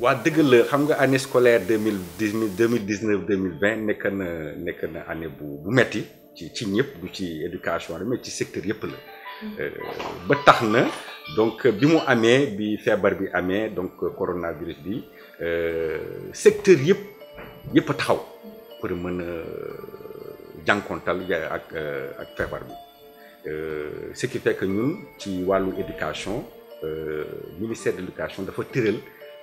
Oui, c'est vrai. L'année scolaire 2019-2020 n'est une année qui est métier, pour l'éducation, mais pour le secteur. C'est vrai. C'est vrai. Donc, quand il y a eu le coronavirus, le secteur est tout à fait pour pouvoir rencontrer la fièvre. Ce qui fait que nous, dans l'éducation, le euh, ministère de l'éducation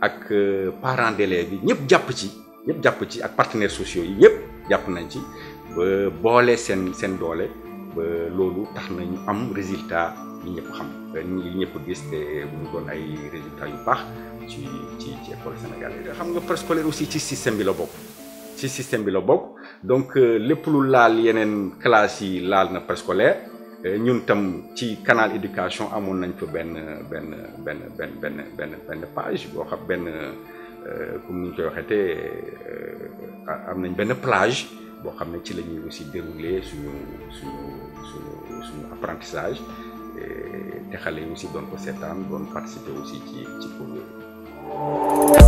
ak euh, parents d'élèves yi ñëpp jàpp ci ñëpp jàpp ci ak partenaires sociaux yi ñëpp jàpp nañ ci ba boole seen seen doole ba loolu tax nañu am résultat yi ñëpp xam yi euh, ñëpp gis te mu doon ay résultats yu baax ci ci ci école sénégalaise xam nga préscolaire aussi ci système bi la bokk ci système bi la bokk donc euh, lépp lu laal yeneen classes yi laal na préscolaire Eh, ñun tam ci canal éducation amon nañ fa ben ben ben ben ben ben page bo xam euh comme ñu koy waxeetee eh, am nañ ben plage bo xamné ci lañuy aussi dérouler suñu suñu suñu suñu apprentissage te xale aussi doon ko seetaan doon participer aussi ci ci pour